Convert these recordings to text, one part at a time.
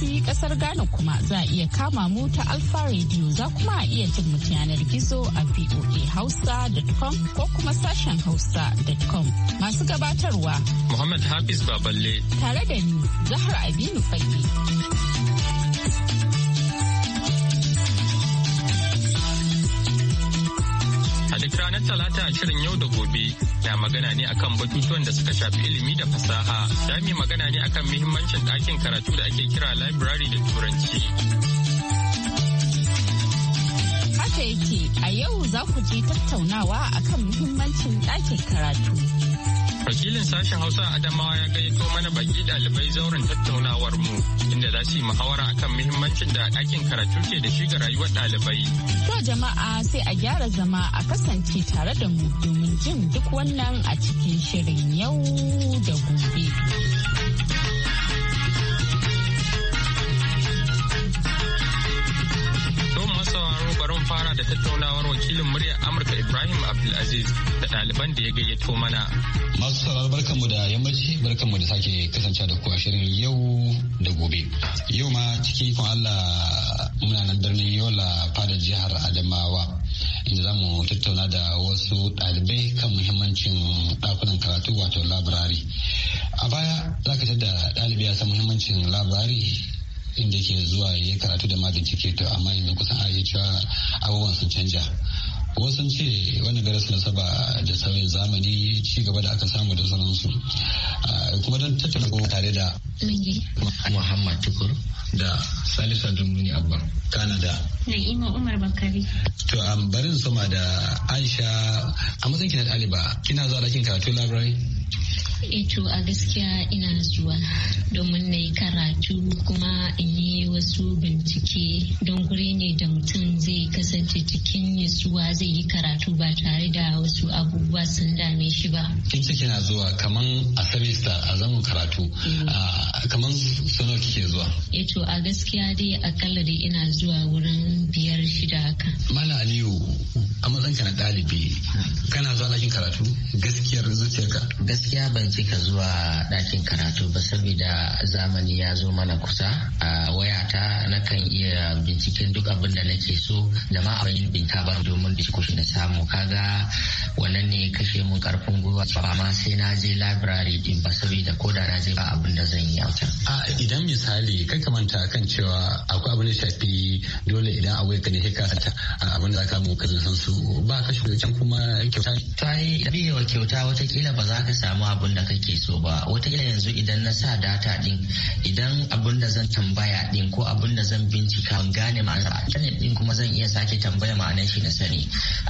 sai kasar Ghana kuma za a iya kama mu ta alpha Radio za kuma a iya jin mu yanar gizo a VOA ko kuma sashen Hausa.com. Masu gabatarwa. Muhammad Hafiz Baballe. Tare da ni Zahra Aminu Fayyi. ranar talata shirin yau da gobe na magana ne akan batutuwan da suka shafi ilimi da fasaha za magana ne akan muhimmancin ɗakin karatu da ake kira library da turanci haka yake a yau za ku je tattaunawa akan muhimmancin ɗakin karatu Wakilin sashen Hausa Adamawa ya gayyato mana baki ɗalibai zauren tattaunawar mu inda za su yi muhawara akan muhimmancin da ɗakin karatu ke da shi ga rayuwar ɗalibai. To jama'a sai a gyara zama a kasance tare da mu domin jin duk wannan a cikin shirin yau da gobe. wakilin murya Amurka Ibrahim Abdulaziz da ɗaliban da ya gayyato mana. Masu sauraro barkanmu da yammaci barkanmu da sake kasance da ku shirin yau da gobe. Yau ma cikin ikon Allah muna nan birnin Yola fada jihar Adamawa inda za mu tattauna da wasu ɗalibai kan muhimmancin ɗakunan karatu wato labirari. A baya za ka da ɗalibi ya san muhimmancin labirari inda yake zuwa ya karatu da ma bincike to amma yanzu kusan a iya cewa abubuwan sun canja wasu ce wannan garas nasaba da sauyin zamani ci gaba da aka samu da sauransu ah, kuma don tattalin goma tare da muhammad tukur da salisa dumuni abba kanada na'ima umar bakari to am barin sama da aisha a matsayin kina ɗaliba kina zuwa ɗakin karatu labarai Eto eh a gaskiya ina zuwa domin na yi karatu kuma in yi wasu bincike don guri ne da mutum zai kasance cikin yasuwa zai yi karatu ba tare da wasu abubuwa sun dame shi ba. In ce kina zuwa kaman a semester a zaman karatu mm. ah, kaman suna kike zuwa? Eto eh a gaskiya dai akalla dai ina zuwa wurin biyar shida haka. Mala Aliyu a matsayinka na ɗalibi kana zuwa ɗakin karatu gaskiyar zuciyarka? Gaskiya ban cika zuwa ɗakin karatu ba saboda zamani ya zo mana kusa a wayata kan iya binciken duk abin da nake so da ma abin binta ba domin diskushin da samu kaga wannan ne kashe mun karfin gwiwa ba ma sai na je library din ba saboda ko da na je ba abin da zan yi a can. idan misali kai ka manta kan cewa akwai abin da shafi dole idan a wayar ka ne ka ta abin da ka mu ka san su ba ka shi can kuma kyauta. Ta yi biyewa kyauta kila ba za ka samu abin da kake so ba wataƙila yanzu idan na sa data din idan abin da zan tambaya din ko abin da zan bincika ban gane ma'anar intanet din kuma zan iya sake tambaya ma'anar shi na sani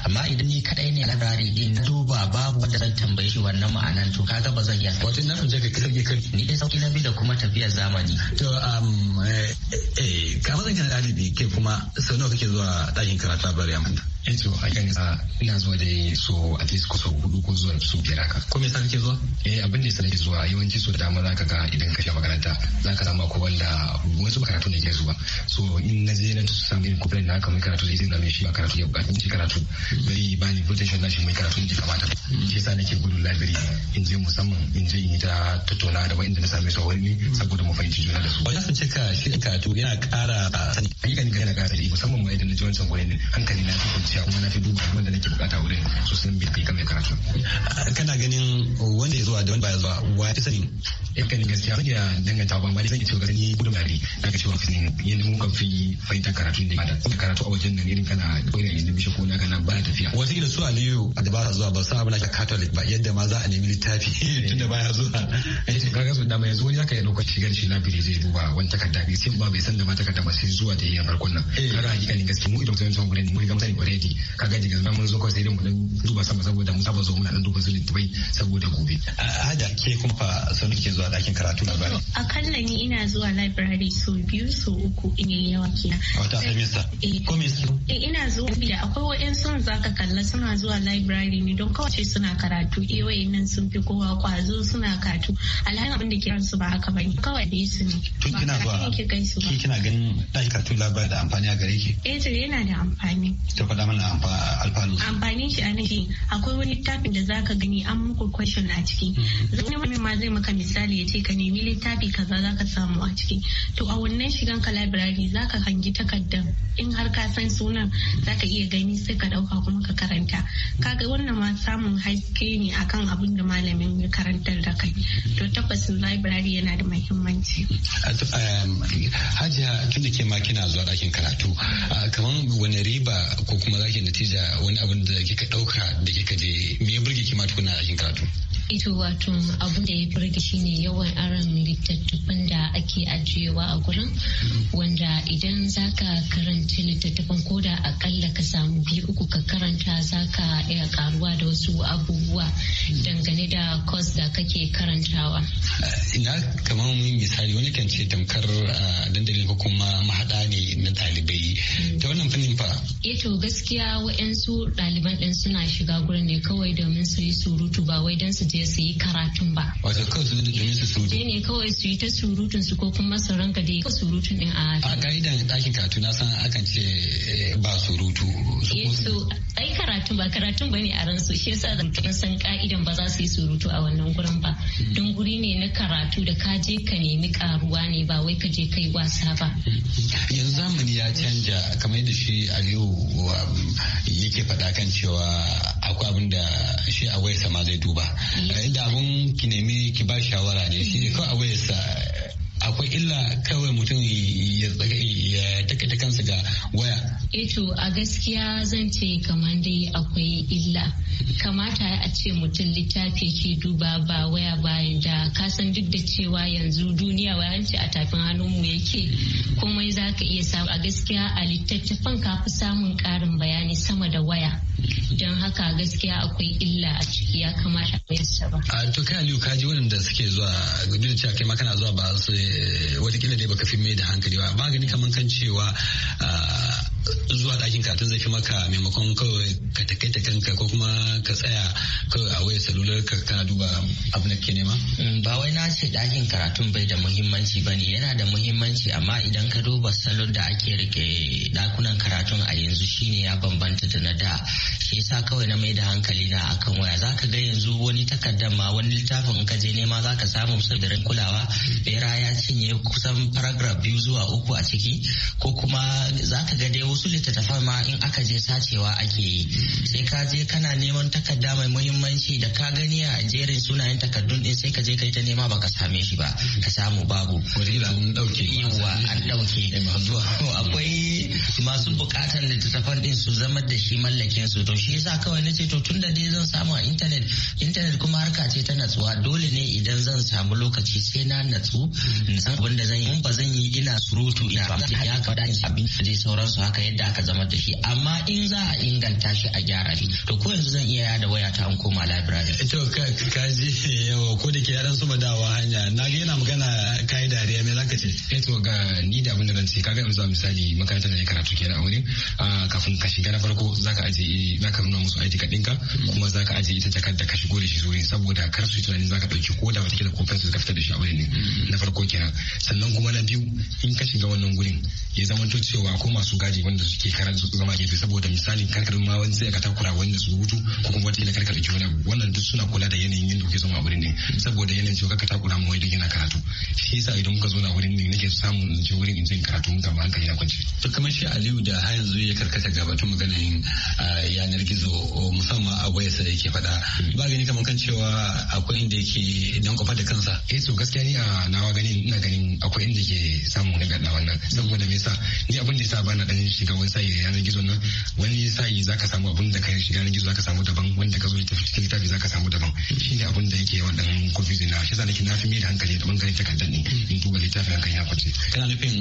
amma idan ni kadai ne labari din na duba babu wanda zan tambaye shi wannan ma'anar to kaga ba zan iya wato na fahimci ka kirge kan ni dai sauki na bi da kuma tafiyar zamani to um eh, eh kamar zan kana dalibi ke kuma sau nawa kake zuwa ɗakin karatu bari amanda eto eh a kan ah, ina zuwa dai so at least kusa hudu ko zuwa su biyar haka ko me sa kake zuwa eh eh abin da sanake zuwa yawanci so da dama zaka ga idan ka shiga makaranta zaka samu akwai wanda wasu karatu ne ke zuwa so in na je na samu irin kuɗin da haka mai karatu zai zina mai shi ba karatu ya buƙaci shi karatu zai yi bani potential na shi mai karatu da kamata shi yasa nake gudun library in je musamman in je in yi ta tattauna da wa'inda na same su a wani saboda mu fahimci juna da su. Wajen sun ka shi karatu yana ƙara sani. Hakikani yana ƙara sani musamman ma idan na ji wancan wurin hankali na fi kwanciya kuma na fi duba abin da nake bukata wurin so sun bi kai kamar karatu. Kana ganin wanda ya zuwa da wani baya zuwa wa ta sani yakan eh, gaskiya zan iya danganta ba amma dai zan iya cewa gani gudun gari na ga cewa fisin mun kan fi fahimtar karatu da mada da karatu a wajen nan irin kana koyar da bishe ko na kana ba da tafiya wasu gida su aliyu a da ba sa zuwa ba sa abin da catholic ba yadda ma za a nemi littafi tun da ba ya zuwa a yi eh, tunkar gasu dama yanzu wani aka yi lokaci shigar shi labiri zai duba wani takarda bi sai ba bai san da ma takarda ba sai zuwa da yayin farkon nan hakika eh. hakikanin gaskiya mu idan sai mun gurin mun ga mutane already kaga daga zaman mun zo kawai sai dai mu dan duba sama saboda mu saba zo muna dan duba zulin tubai saboda gobe haja ke kuma fa sau ke zuwa ɗakin karatu na bari. Akalla ni ina zuwa library so biyu so uku in yi yawa A Wata semester. Eh. Ko me su? Eh, ina zuwa biya akwai wa'in sun zaka kalla suna zuwa library ne don kawace suna karatu eh nan sun fi kowa kwazo suna karatu alhalin abin da ke su ba haka ne kawai da su ne. Tun kina zuwa ki kina ganin ɗakin karatu labar da amfani a gare ki? Eh to yana da amfani. Ta faɗa mana amfani. Amfanin shi a nan akwai wani littafin da zaka gani an muku question a ciki hmm. zai wani ma zai maka misali ya ce ka nemi littafi kaza za ka samu a ciki to a wannan shigan ka library za ka hangi takardar in har ka san sunan za ka iya gani sai ka ɗauka kuma ka karanta kaga wannan ma samun haske ne akan abin da malamin ya karantar da kai to tabbasin library yana da muhimmanci. Hajiya tun da ke ma kina zuwa ɗakin karatu kamar wani riba ko kuma zaki natija wani abin da kika ɗauka da kika je me ya burge ki ma tukuna ɗakin karatu. Ito wato abu da ya shi shine yawan aron littattafan da ake ajiyewa a gurin wanda idan zaka karanta littattafan ko da akalla ka samu biyu uku ka karanta zaka iya karuwa da wasu abubuwa dangane da course da kake karantawa? Ina kamar misali wani kan ce tamkar dandalin ko kuma mahada ne na dalibai Ta wannan fannin fa? eto eh to gaskiya wa'yansu ɗaliban ɗin suna shiga gurin ne kawai domin su yi surutu ba wai don su je su yi karatun ba. Wato kawai su domin su surutu? Je ne kawai su yi ta surutun su ko kuma su ranka da surutun ɗin a. A ka'idan ɗakin karatu na san akan ce eh, ba surutu. Eh ai karatun ba karatun ba ne a ransu shi yasa zan san ka'idan irin ba za su yi surutu a wannan gurin ba don guri ne na karatu da ka je ka nemi karuwa ne ba wai ka je kai wasa ba yanzu zamani ya canja kamar yadda shi aliyu um, yake faɗa kan cewa akwai abin da shi a wayarsa ma zai duba inda abun ki nemi ki ba shawara ne shi ne kawai a wayarsa akwai illa kawai mutum ya takaita kansa ga waya eto eh a gaskiya zan ce kamar dai akwai illa kamata a ce mutum littafi ke duba ba waya bayan da kasan duk da cewa yanzu duniya wayanci a tafin hannunmu yake komai za ka iya samu a gaskiya a littattafan ka samun karin bayani sama da waya don haka gaskiya akwai illa a ciki ya kamata a ba. a to kai aliyu kaji waɗanda suke zuwa gudun cewa kai ma kana zuwa ba su Eh, watakila dai baka fi mai da hankali ba ba gani kaman kan cewa ah, zuwa ɗakin katin zai fi maka maimakon kawai ka takaita kanka ko kuma ka tsaya kawai a waya salular ka kana duba abin da ke nema? Mm, ba wai na ce ɗakin karatun bai da muhimmanci ba ne yana da muhimmanci amma idan ka duba salon da ake rike ɗakunan karatun a yanzu shine ya bambanta da na da shi yasa kawai na mai da hankali na akan waya za ka ga yanzu wani takardar ma wani littafin in ka je nema za ka samu sabirin kulawa bera ya cinye kusan paragraph biyu zuwa uku a ciki ko kuma za ka ga dai wasu littattafan ma in aka je sacewa ake yi sai ka je kana neman takarda mai muhimmanci da ka gani a jerin sunayen takardun din sai ka je kai ta nema ba ka same shi ba ka samu babu an dauke yawa an akwai masu bukatar littattafan din su zama da shi mallakin to shi yasa kawai nace to da dai zan samu a internet internet kuma harka ce ta natsuwa dole ne idan zan samu lokaci sai na natsu abinsa wanda abin zan yi ba zan yi ina surutu ina ba ya kada abin sauran su haka yadda aka zama da shi amma in za a inganta shi a gyara shi to ko yanzu zan iya yada waya ta an koma library eh, to ka ji yawa ko da ke yaran su wa hanya na ga yana magana kai dariya me zaka ce eh to ga ni da abin da zan ce kaga yanzu misali makarantar da ya karatu kenan a wurin kafin ka shiga na farko zaka aje zaka nuna musu aiki ka dinka kuma zaka aje ita takarda ka shigo da shi zuwa saboda kar su tunanin zaka dauki ko da wata kila ko su ka fita da shi a wurin ne na farko ke kira sannan kuma na biyu in ka shiga wannan gurin ya zama to cewa ko masu gadi wanda suke karar su zama gefe saboda misali karkar ma wani zai ka takura wanda su hutu ko kuma wata karkar da wani wannan duk suna kula da yanayin yin kuke zama a wurin ne saboda yanayin cewa ka takura ma wani duk yana karatu shi yasa idan muka zo na wurin ne nake samu in je wurin in zai karatu mun gaba hankali na kwance to kamar shi Aliyu da har yanzu ya karkata ga batun maganin yanar gizo musamman a waya da yake faɗa ba gani kamar kan cewa akwai inda yake dan kofar da kansa eh to gaskiya ni a nawa ganin ina ganin akwai inda ke samun gaɗa wannan saboda me yasa ni abin da yasa bana dan shiga wani sai da yanar gizo nan wani sai zaka samu abin da ka shiga yanar gizo zaka samu daban wanda ka zo ta cikin littafi zaka samu daban ne abin da yake wannan covid na shi yasa na fi mai da hankali da bangaren takardar ne in duba littafin hankali ya kwace kana nufin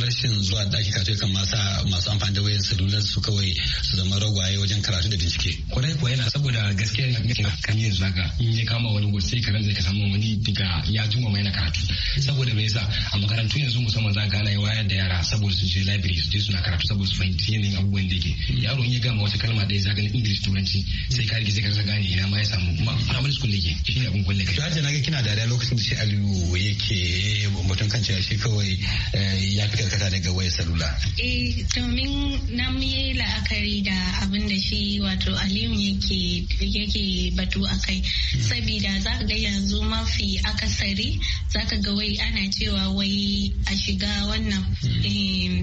rashin zuwa daki karatu kan masa masu amfani da wayar salular su kawai su zama ragwaye wajen karatu da bincike kwarai kuwa yana saboda gaskiya ne kan yin zaka in ya kama wani gosi ka zai ka samu wani diga ya juma mai na karatu saboda me yasa a makarantu yanzu musamman za gane wayar da yara saboda su je library su je suna karatu saboda su fahimci yanayin abubuwan da ke yaro in ya gama wata kalma ya zaga na english turanci sai ka rike sai ka gane ina ma ya samu kuma primary school yake shi ne abin kulle kai to hajji naga kina da lokacin da shi aliyu yake mutum kan cewa shi kawai eh, ya fi karkata daga wayar salula eh domin na mu yi la'akari da abin da shi wato aliyu yake yake batu akai hmm. saboda za ka ga yanzu mafi akasari za ka ga wai ana cewa wai a shiga wannan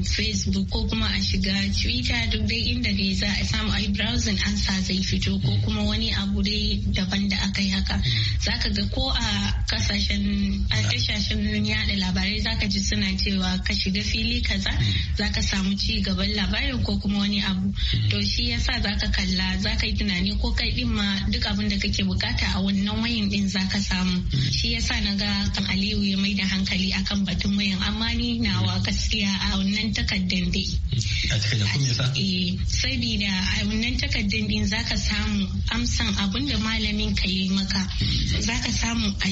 facebook ko kuma a shiga twitter duk dai inda dai za a samu ai browsing ansa zai fito ko kuma wani abu dai daban da aka yi haka zaka ga ko a kasashen a tashashen yada labarai zaka ji suna cewa ka shiga fili kaza zaka samu ci gaban labarin ko kuma wani abu to shi yasa zaka kalla zaka yi tunani ko kai din ma duk abin da kake bukata a wannan wayan din zaka samu shi yasa na ga kan Aliyu ya maida hankali akan batun wayan amma ni nawa gaskiya a wannan takaddan dai eh, sabida a wannan takardar din zaka samu amsan abun da malamin ka yi maka zaka samu a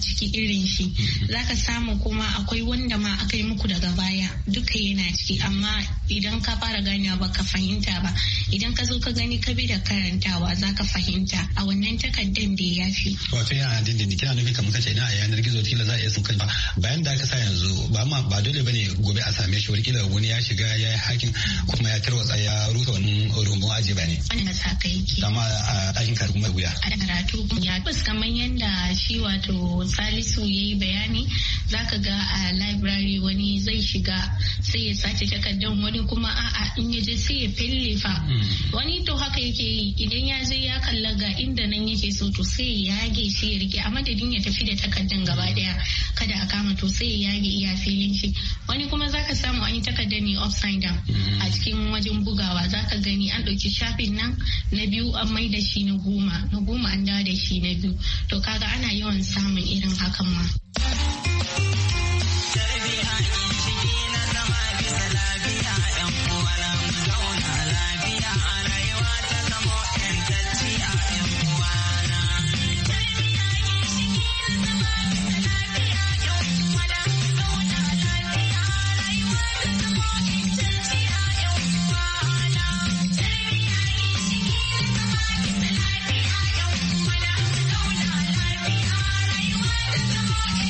ciki irin shi zaka samu kuma akwai wanda ma aka yi muku daga baya duka yana ciki amma idan ka fara ganewa ba ka fahimta ba idan ka zo ka gani ka bi da karantawa za ka fahimta a wannan takardar da ya fi. Wato yana dindindin kina nufin kamar kace na a yanar gizo kila za a iya sun ba. bayan da aka sa yanzu ba ma ba dole bane gobe a same shi wataƙila wani ya shiga ya yi hakin kuma ya tarwatsa ya rusa wani rumbun aji ba ne. Wani kai ke. Dama a ɗakin karatu mai wuya. A karatu ya kus kamar yadda shi wato Salisu ya yi bayani za ka ga a library wani zai shiga sai ya sace takardar wani kuma a'a in ya je sai ya fillifa. Hmm. Wani to haka yake yi idan ya je ya kalla ga inda nan yake so to sai ya yage shi ya rike a madadin ya tafi da takardar gaba daya kada da a kama to sai ya yage iya filin shi wani kuma zaka samu an yi takarda ne upside down mm. a cikin wajen bugawa zaka gani an ɗauki shafin nan na biyu an mai da shi na goma na goma an dawo da shi na biyu to kaga ana yawan samun irin hakan ma.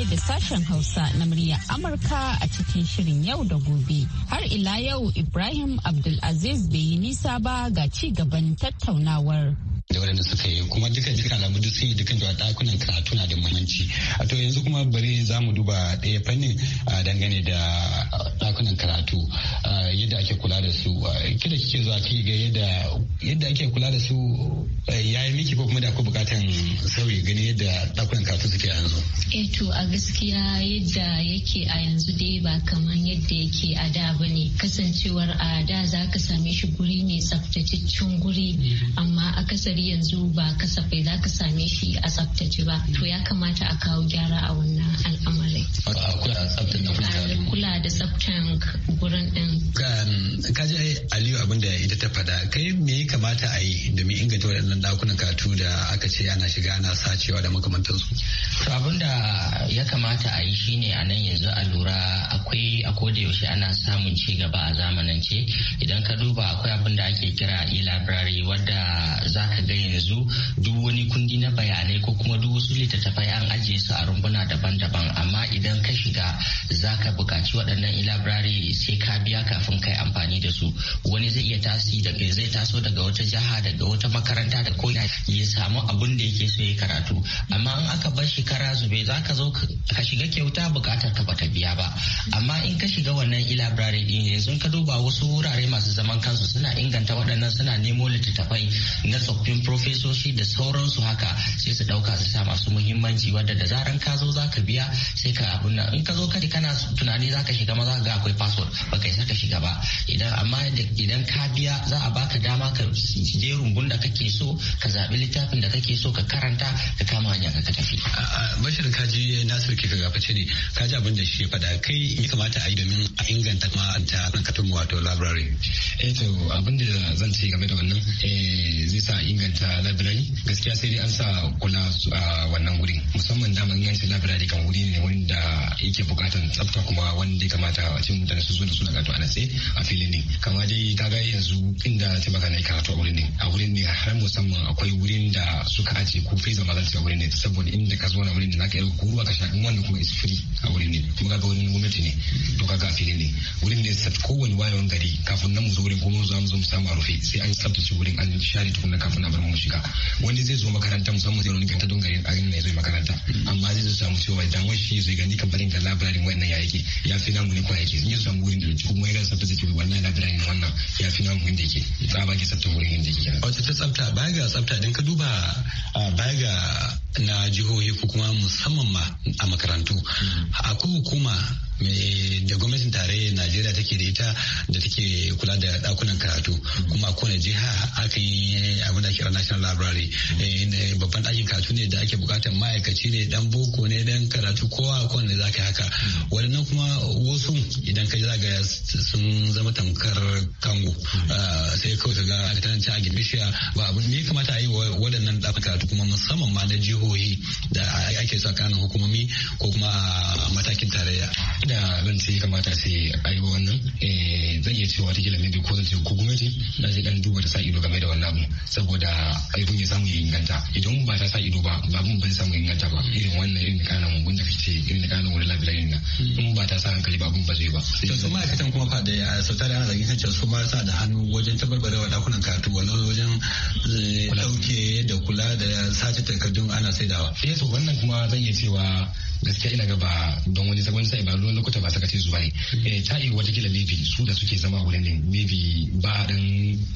tare da sashen Hausa na murya Amurka a cikin shirin yau da gobe. Har ila yau Ibrahim Abdulaziz bai yi nisa ba ga ci gaban tattaunawar. waɗanda suka yi kuma duka duka alamu duk sun yi dukkan cewa ɗakunan karatu na da muhimmanci a to yanzu kuma bari za mu duba ɗaya fannin dangane da ɗakunan karatu yadda ake kula da su kida kike zuwa ki ga yadda yadda ake kula da su yayi miki ko kuma da ku bukatan sauyi gani yadda ɗakunan karatu suke yanzu eh to a gaskiya yadda yake a yanzu dai ba kamar yadda yake a da ba ne kasancewar a da za ka same shi guri ne tsaftataccen guri mm-hmm. amma akasari yanzu ba kasafai za ka same shi a tsaftace ba to ya kamata a kawo gyara a wannan al'amarin. kula da tsaftan gurin din. kaji aliyu abin da ita ta faɗa kai me ya kamata a yi domin inganta waɗannan ɗakunan katu da aka ce ana shiga ana sacewa da makamantansu. to abin da ya kamata a yi shine a nan yanzu a lura akwai a koda yaushe ana samun ci gaba a zamanance idan ka duba akwai abin da ake kira e-library wadda za ka ga yanzu duk wani kundi na bayanai ko kuma duk wasu littattafai an ajiye su a rumbuna daban-daban amma idan ka shiga za ka buƙaci waɗannan ilabrari sai ka biya kafin kai amfani da su wani zai iya tasi daga zai taso daga wata jiha daga wata makaranta da ko ya samu abun da yake so ya karatu amma in aka bar shekara zube za ka zo ka shiga kyauta buƙatar ka bata biya ba amma in ka shiga wannan ilabrari din yanzu ka duba wasu wurare masu zaman kansu suna inganta waɗannan suna nemo littattafai na tsoffin profesoshi da sauransu haka sai su dauka su sa masu muhimmanci wadda da zaran ka zo za ka biya sai ka abun nan in ka zo kadi kana tunani za ka shiga ma za ka ga akwai password ba kai saka shiga ba idan amma idan ka biya za a baka dama ka je rumbun da kake so ka zaɓi littafin da kake so ka karanta ka kama hanya ka tafi. Bashir ka ji Nasir ke ga fice ne ka ji abin da shi faɗa kai ya kamata a yi domin a inganta ma an ta katun wato library. Eh to abin da zan ce game da wannan eh, zai sa inganta ta library gaskiya sai dai an sa kula a wannan wurin musamman daman yanci library kan wuri ne wanda yake bukatan tsafta kuma wanda ya kamata a cikin mutane su zo da su daga to sai a filin ne kama dai kaga yanzu inda ta magana ya karatu a wurin ne a wurin ne har musamman akwai wurin da suka aje ko fesa ma za wurin ne saboda inda ka zo na wurin ne ka yi ruwa ka sha wannan kuma is free a wurin ne kuma kaga wurin gwamnati ne to kaga a filin ne wurin ne sat kowane wayewan gari kafin nan mu zo wurin kuma mu zo mu samu a rufe sai an tsaftace wurin an share tukunna kafin na samu shiga wani zai zo makaranta musamman zai rinka ta don garin garin ne zai makaranta amma zai zo samu cewa idan wani shi zai gani kamfanin da labirarin wannan ya yake ya fi namu ne kwa yake in ya samu wurin da kuma ya gasa zai wannan labirarin wannan ya fi namu inda yake tsaba ke tsabta wurin inda yake wata ta tsabta baya ga tsabta idan ka duba baya ga na jihohi ko kuma musamman ma a makarantu akwai hukuma da gwamnatin tarayyar najeriya take da ita da take kula da dakunan karatu kuma a kowane jiha aka yi abin da kira national library eh, babban ɗakin karatu ne da ake bukatar ma'aikaci ne dan boko ne dan karatu kowa a kowane za ka haka waɗannan kuma wasu idan ka zaga sun zama tamkar kango ah, sai kawai ka ga aka ta a ba abin ne kamata a yi waɗannan ɗakin karatu kuma musamman ma na jihohi da ake sa kanin hukumomi ko kuma matakin tarayya da zan ce kamata sai a yi wannan eh, zan iya cewa ta mai ko zan ce ko gwamnati na sai dan duba ta sa ido game da wannan abu saboda abin ya samu ya inganta idan ba ta sa ido ba ba mun ban samu inganta ba irin wannan irin kana mun da fice irin kanan wani labirai in ba ta sa hankali ba mun ba zai ba. to su ma'aikatan kuma fa da sau tare ana zagin cewa su ma sa da hannu wajen wa dakunan karatu wannan wajen dauke eh, da kula da sace takardun ana saidawa. eh to wannan kuma zan iya cewa gaskiya ina ga ba don wani sabon sai ba don lokuta ba sakaci zuwa ne eh ta wata kila maybe su da suke zama wurin ne maybe ba dan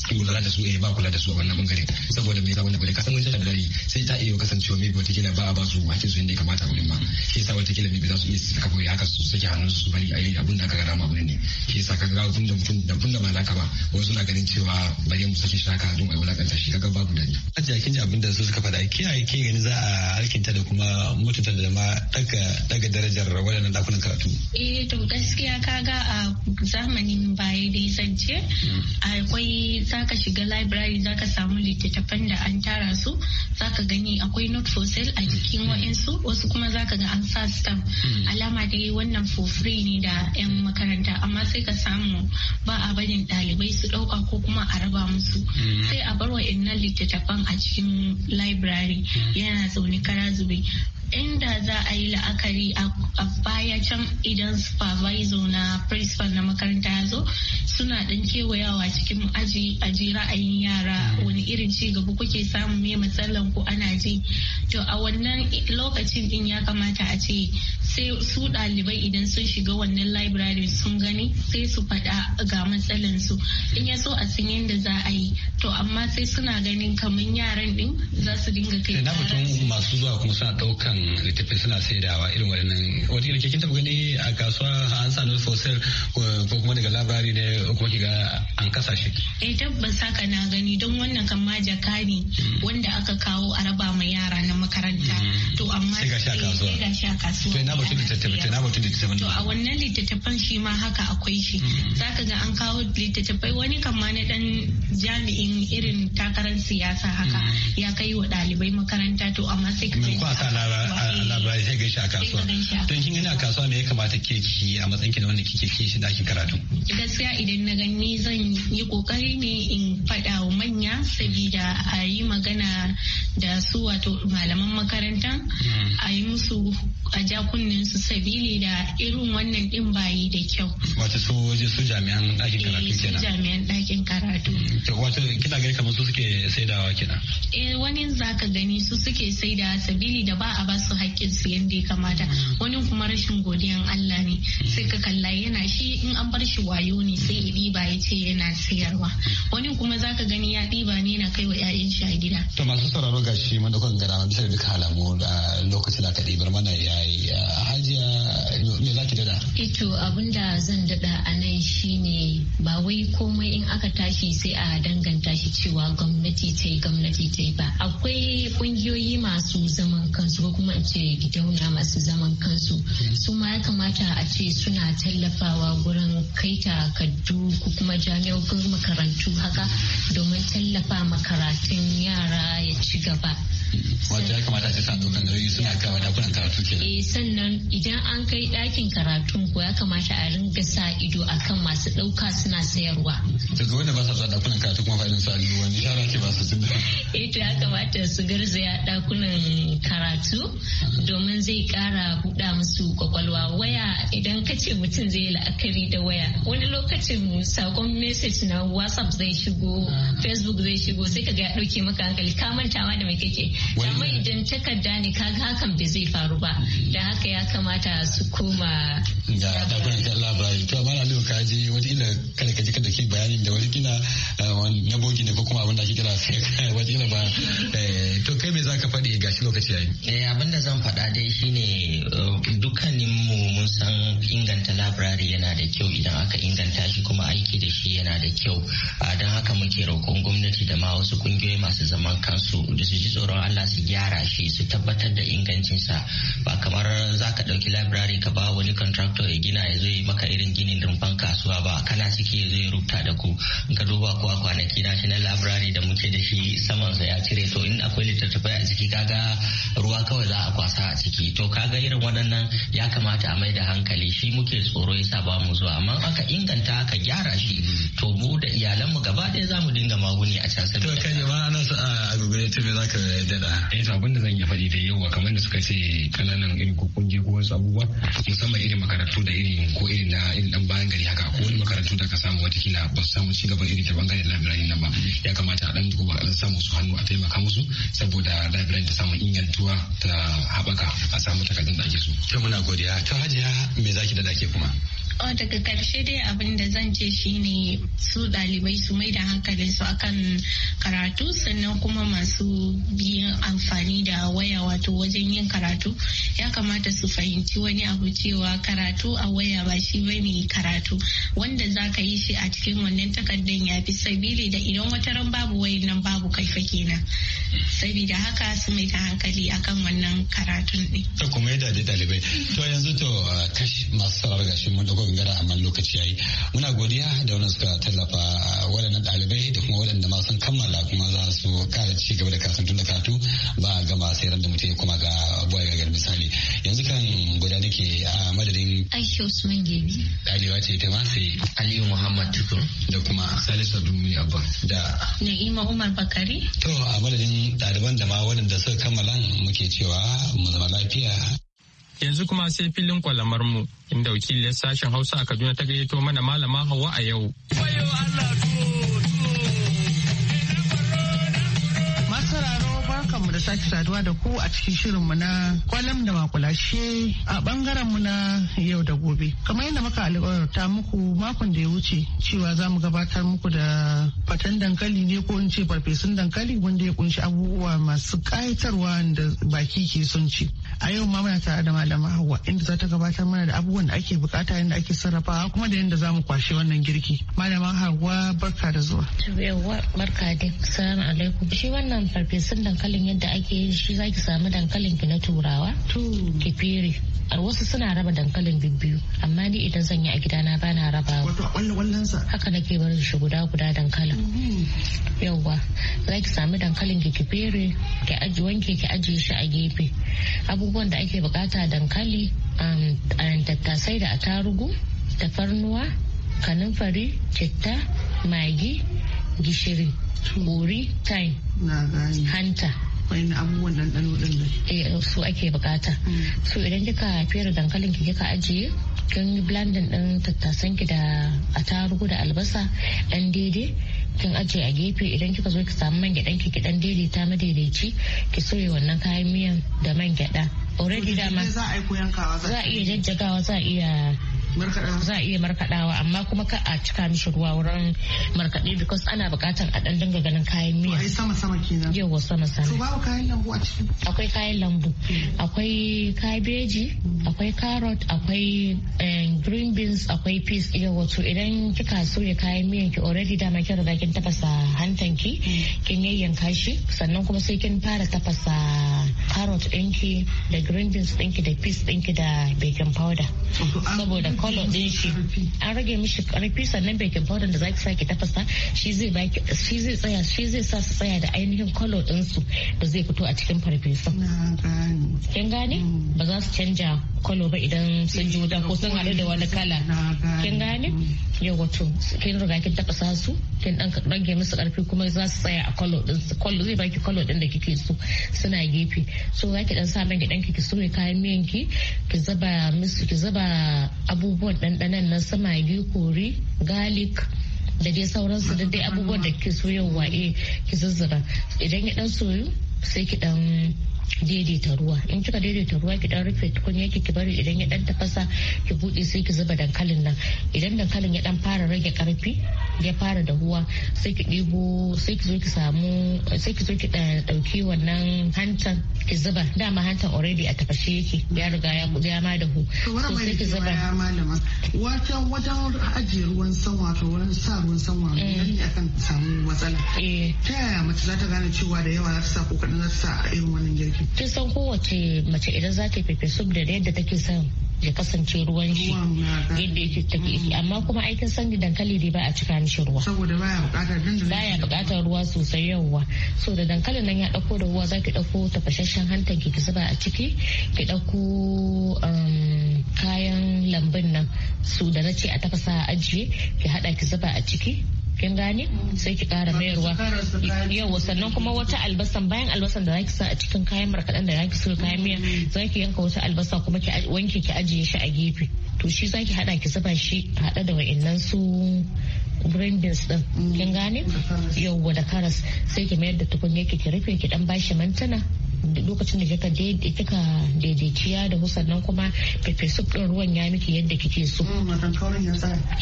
kula da su eh ba kula da su a wannan bangaren saboda me yasa wannan ka kasan wani da dare sai ta iya kasancewa maybe wata kila ba a ba su hakkin su inda kamata wurin ma shi yasa wata kila maybe za su iya su saka haka su saki hannun su bari a yi abin da aka ga dama wurin ne shi yasa ka ga kun da mutum da kun da ba naka ba wasu na ganin cewa bari mu saki shaka don a wulakanta shi kaga babu dani. a kin ji abin da su suka faɗa kiyaye ke gani za a alkinta da kuma mutunta da ma suka daga darajar waɗannan ɗakunan karatu? Eh to gaskiya kaga a zamanin baya dai zance akwai zaka shiga library zaka samu littattafan da an tara su ka gani akwai not for sale a jikin mm. wa'insu wasu kuma zaka ga an sa stamp mm. alama dai wannan for free ne da 'yan makaranta amma sai ka samu ba a barin ɗalibai su ɗauka ko kuma a raba musu mm. sai a bar wa'innan littattafan a cikin library yana zaune kara zube inda za a yi la'akari a baya can idan supervisor na principal na makaranta ya zo suna dan kewayawa cikin aji aji ra'ayin yara wani irin cigaba kuke samu me matsalan ku ana ji to a wannan lokacin din ya kamata a ce sai su ɗalibai idan sun shiga wannan library sun gani sai su faɗa ga matsalan su in ya so a san yadda za a yi to amma sai suna ganin kamar yaran din za su dinga kai eh, na mutum masu zuwa kuma suna daukan littafin suna saidawa irin waɗannan wata kila kin taba gani a kasuwa an sa na fosir eh, ko kuma daga labari ne kuma kiga an kasa shi eh tabbas haka na gani don wannan kan ma jaka ne hmm. wanda aka kawo a raba ma yara na makaranta hmm. to amma sai ga shi a kasuwa to ina mutum littattafai to ina mutum littattafai to a wannan littafin shi ma haka akwai shi hmm. zaka ga an kawo littattafai wani kan ma na dan jami'in irin takarar siyasa haka hmm. ya kai wa ɗalibai makaranta to amma sai ka ba ka labarai sai gaishe a kasuwa don kin gani a kasuwa me ya kamata ke ki a matsayin ki wanda kike ke shi dakin karatu gaskiya idan na gani zan yi kokari ne in faɗa wa manya sabida a yi magana da su wato malaman makarantan hmm. a yi musu a jakunan su sabili da irin wannan din bayi da kyau wato su waje su jami'an ɗakin eh, karatu kenan su jami'an ɗakin karatu mm, wato kina gani kamar su suke saidawa kenan eh wani zaka gani su suke saida sabili da ba a ba su haƙƙin su yanda ya kamata mm. wani kuma rashin godiyan Allah ne mm. sai ka kalla yana shi in an bar shi wayo ne sai ya ɗiba ya ce yana sayarwa wani kuma zaka gani ya ɗiba ne na kai wa 'ya'yan shi a gida to masu sauraro gashi mun daukan gara bisa da duka alamu lokacin da ka ɗibar mana yayi hajiya me zaki dada ito eh, abinda zan da daɗa a nan shine ba wai komai in aka tashi sai a danganta shi cewa gwamnati ta yi gwamnati ta yi ba akwai ƙungiyoyi masu zaman kansu ko kuma ce gidauna masu zaman kansu su ma ya kamata a ce suna tallafawa gurin kai takardu ko kuma jami'o'in makarantu haka domin tallafa makaratun yara ya ci gaba. ya kamata a ce dokan suna kawo karatu kenan eh sannan idan an kai ɗakin karatun ko ya kamata a ringa sa ido akan masu ɗauka suna sayarwa daga wanda ba sa sa dakunan karatu kuma fa'idin sa ido wani shara ke ba su tunda eh to ya kamata su garzaya dakunan karatu domin zai kara buɗa musu kwakwalwa waya idan ka ce mutum zai yi la'akari da waya wani lokacin sakon message na whatsapp zai shigo ah. facebook zai shigo sai ka ga ya ɗauke maka hankali ka mantawa da mai kake amma idan takarda ne kaga hakan bai zai faru ba ba da haka ya kamata su koma ga dakon labari to amma aliyu ka je wani ila kada ka ji kada ke bayanin da eh, wani kina na bogi ne ko kuma abin da ake kira wani ila ba eh, to kai me zaka faɗi gashi lokaci yayi eh abin da zan faɗa dai shine eh, dukkanin mu mun san inganta labirari yana da kyau idan aka inganta shi kuma aiki da shi yana da kyau ah, don haka muke roƙon gwamnati da ma wasu kungiyoyi masu zaman kansu da su ji tsoron Allah su gyara shi su tabbatar da ingancinsa ba kamar za ka ɗauki labirari ka ba wani contractor ya gina ya zo yi maka irin ginin rumfan kasuwa ba kana ciki ya zo ya rubuta da ku in ka duba kuwa kwanaki na labirari da muke da shi samansa ya cire to in akwai littattafai a ciki kaga ruwa kawai za a kwasa a ciki to kaga irin waɗannan ya kamata a mai da hankali shi muke tsoro yasa ba mu zuwa amma aka inganta aka gyara shi to mu da iyalanmu gaba ɗaya za mu dinga maguni a can to kai ma anan a gugure ce me zaka dada eh to abin da zan yi faɗi da yawa kamar da suka ce kananan irin ko ko wasu abubuwa musamman irin makarantu da irin ko irin na irin dan bayan gari haka ko wani makarantu da ka samu kila ba su samu ci gaba irin ta bangaren labirarin nan ba ya kamata a dan duba a samu su hannu a taimaka musu saboda labirarin ta samu ingantuwa ta haɓaka a samu takardun da ake so. to muna godiya to hajiya me zaki da dake kuma. Oh, daga karshe dai abin da zan ce shine su dalibai su mai da hankalin su akan karatu sannan kuma masu biyan amfani da waya wato wajen yin karatu ya kamata su fahimci wani abu cewa karatu a waya ba shi bane karatu wanda za ka yi shi a cikin wannan takardun ya fi sabili da idan wata ran babu wayan nan babu kaifa kenan sabida haka su mai da hankali akan wannan karatun ɗin. Ta kuma yadda dalibai to yanzu to uh, kashi masu sarar gashi mun dago gara amma lokaci yayi muna godiya da wannan suka tallafa uh, waɗannan ɗalibai da kuma waɗanda ma sun kammala kuma za su kare ci gaba da kasantun da karatu ba a gama sai ran da mutum ya kuma ga boye gagar misali yanzu kan guda nake a madadin Aisha Usman Gebi ɗaliba ce ta ma sai Aliyu Muhammad Tukur da kuma Salisu Dumi Abba da Na'ima Umar Bakari to a madadin ɗaliban da ma waɗanda suka kammala muke cewa mu zama lafiya Yanzu kuma sai filin kwalamar mu inda wakilin sashen Hausa a Kaduna ta gayyato mana malama hawwa a yau. da sake saduwa da ku a cikin shirin mu na kwalam da makulashe a bangaren mu na yau da gobe. Kamar yadda muka alƙawarta muku makon da ya wuce cewa za mu gabatar muku da fatan dankali ne ko in ce farfesun dankali wanda ya kunshi abubuwa masu ƙayatarwa da baki ke son ci. A yau ma muna tare da malama Hauwa inda za ta gabatar mana da abubuwan da ake bukata yadda ake sarrafawa kuma da yadda za mu kwashe wannan girki. Malama Hauwa barka da zuwa. Yawwa barka Shi wannan farfesun dankalin yadda da ake yin shi zaki samu dankalin ki na turawa ki fere a wasu suna raba dankalin bibbiyu amma ni idan zan yi a gidana ba na rabawa haka nake barin shi guda guda dankalin mm-hmm. yauwa za samu dankalin ki ki fere ki aji wanke ki ajiye shi a gefe abubuwan da ake bukata dankali um, tattasai da atarugu tafarnuwa kanunfari citta magi gishiri gori time hanta wani abubuwan ɗanɗano ɗin nan. Eh su ake bukata. Hmm. So idan kika fere dankalin ki kika ajiye kin yi ɗin tattasan ki da attarugu da albasa ɗan daidai kin ajiye a gefe idan kika zo ki samu man gyaɗan ki dan daidaita madaidaici ki soya wannan kayan miyan da man gyaɗa. Already dama. Za a iya jajjagawa za a iya za a iya markaɗawa amma kuma ka a cika mishi ruwa wurin markaɗe because ana buƙatar a ɗan dinga ganin kayan miya wai sama sama kenan yawa sama sama so babu kayan lambu a cikin. akwai kayan lambu hmm. akwai kabeji hmm. akwai carrot akwai eh, green beans akwai peas yawa to idan kika soya kayan miyan ki already dama kin riga kin tafasa hantan ki hmm. kin yayyanka shi sannan kuma sai kin fara tafasa carrot ɗinki da green beans ɗinki da peas ɗinki da baking powder saboda kolo din shi an rage mishi karfi sannan baking powder da zaki sake tafasa shi zai baki shi zai tsaya shi zai sa su tsaya da ainihin kolo din su da zai fito a cikin farfesa kin gane hmm. ba za su canja kolo ba idan sun ji wuta ko sun haɗu da wani kala kin gane hmm. yau wato kin riga kin tafasa su kin dan rage musu karfi kuma za su tsaya a kolo din su kolo zai baki kolo din da kike so suna gefe so zaki dan sa mai gidan ki ki soya kayan miyan ki ki zaba musu ki zaba abubuwa abubuwan ɗanɗanan na sama magi kori garlic da dai sauransu da dai abubuwan da ke soyowa eh ki zuzzura idan ya dan soyu sai ki dan daidaita ruwa in kika daidaita ruwa ki dan rufe tukunya ki bari idan ya dan tafasa ki bude sai ki zuba dankalin nan idan dankalin ya dan fara rage karfi ya fara dahuwa sai ki ɗebo sai ki zo ki samu sai ki zo ki ɗauki wannan hantan ki zuba dama hantan already a tafashe yake ya riga ya ya ma dahu so sai ki zuba wata wajen ajiye ruwan sanwa to wurin sa ruwan sanwa. wato mm. ne akan samu matsala eh. ta yaya mace za ta gane cewa da yawa za ta sa ko kaɗan za ta sa irin wannan girki tun san kowace mace idan za ta fefe sub da yadda take son ya kasance ruwan shi yadda yake take mm. amma kuma aikin kin dankali dai ba a cika mishi ruwa saboda baya bukatar ya bukatar ruwa sosai yawa so da dankalin nan ya dauko da ruwa za ki dauko tafashashen hantar ki zuba a ciki ki dauko um, kayan lambun nan su da na a tafasa a ajiye ki hada ki zuba a ciki kin gane sai ki kara mayarwa yawa sannan kuma wata albasan bayan albasan da zaki sa a cikin kayan markaɗen da zaki so kayan miya zaki yanka wata albasa kuma ki wanke ki ajiye shi a gefe to shi zaki hada ki zuba shi hada da wa'annan su green beans din kin gane yawwa da karas sai ki mayar da tukunya ki ki rufe ki dan bashi mantana lokacin da kika kika daidaiciya da husan sannan kuma pepe soup din ruwan ya miki yadda kike so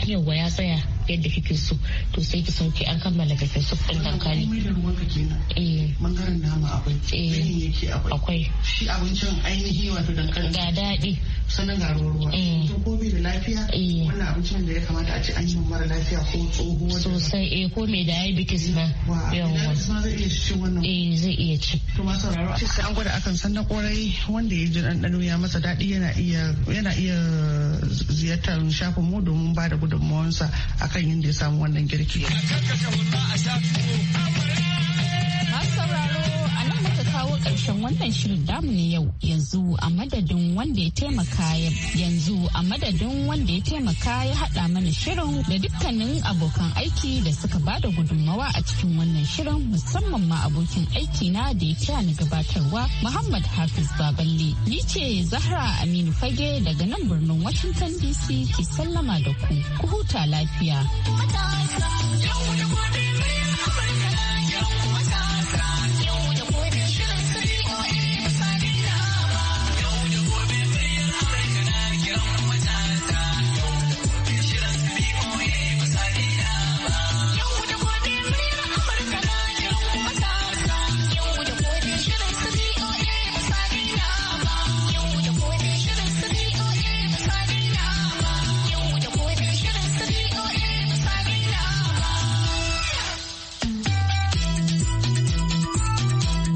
yawwa mm, ya tsaya yadda kike so to sai ki sauke an kammala gafesuf din dankali eh bangaren nama akwai eh akwai shi abincin ainihi wato dankali ga daɗi sannan ga ruwa eh. to ko bai da lafiya eh. wannan abincin da ya kamata a ci an yi mara lafiya ko tsohuwa sosai eh ko mai diabetes ma yawa zai iya ci wannan eh zai iya ci to ma sauraro sai an gwada akan sannan kwarai wanda ya ji ɗanɗano ya masa daɗi yana iya yana iya ziyartar shafin mu domin ba da gudunmawansa akan kan yadda ya samu wannan girki. Masu sauraro kawo ƙarshen wannan shirin damu ne yau yanzu a madadin wanda ya taimaka yanzu a madadin wanda ya taimaka ya haɗa mana shirin da dukkanin abokan aiki da suka ba da gudunmawa a cikin wannan shirin musamman ma abokin aiki na da ya kira ni gabatarwa Muhammad Hafiz Baballe. Ni ce Zahra Aminu Fage daga nan birnin Washington DC ke sallama da ku. Ku huta lafiya.